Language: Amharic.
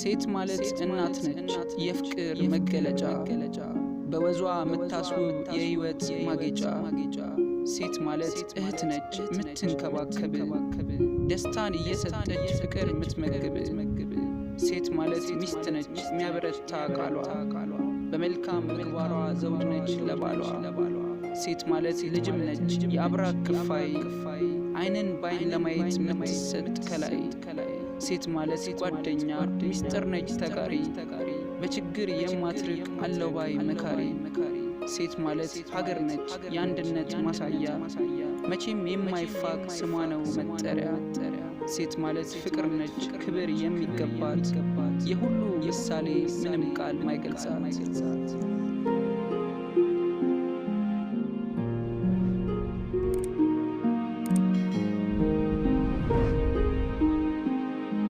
ሴት ማለት እናት ነች፣ የፍቅር መገለጫ በወዟ ምታስቡ የህይወት ማጌጫ። ሴት ማለት እህት ነች ምትንከባከብ፣ ደስታን እየሰጠች ፍቅር ምትመግብ። ሴት ማለት ሚስት ነች የሚያበረታ ቃሏ፣ በመልካም ምግባሯ ዘውድ ነች ለባሏ። ሴት ማለት ልጅም ነች የአብራክ ክፋይ አይንን በአይን ለማየት የምትሰጥ ከላይ ሴት ማለት ጓደኛ ሚስጥር ነች ተጋሪ በችግር የማትርቅ አለባይ መካሪ ሴት ማለት ሀገር ነች የአንድነት ማሳያ መቼም የማይፋቅ ስሟ ነው መጠሪያ ሴት ማለት ፍቅር ነች ክብር የሚገባት የሁሉ ምሳሌ ምንም ቃል ማይገልጻት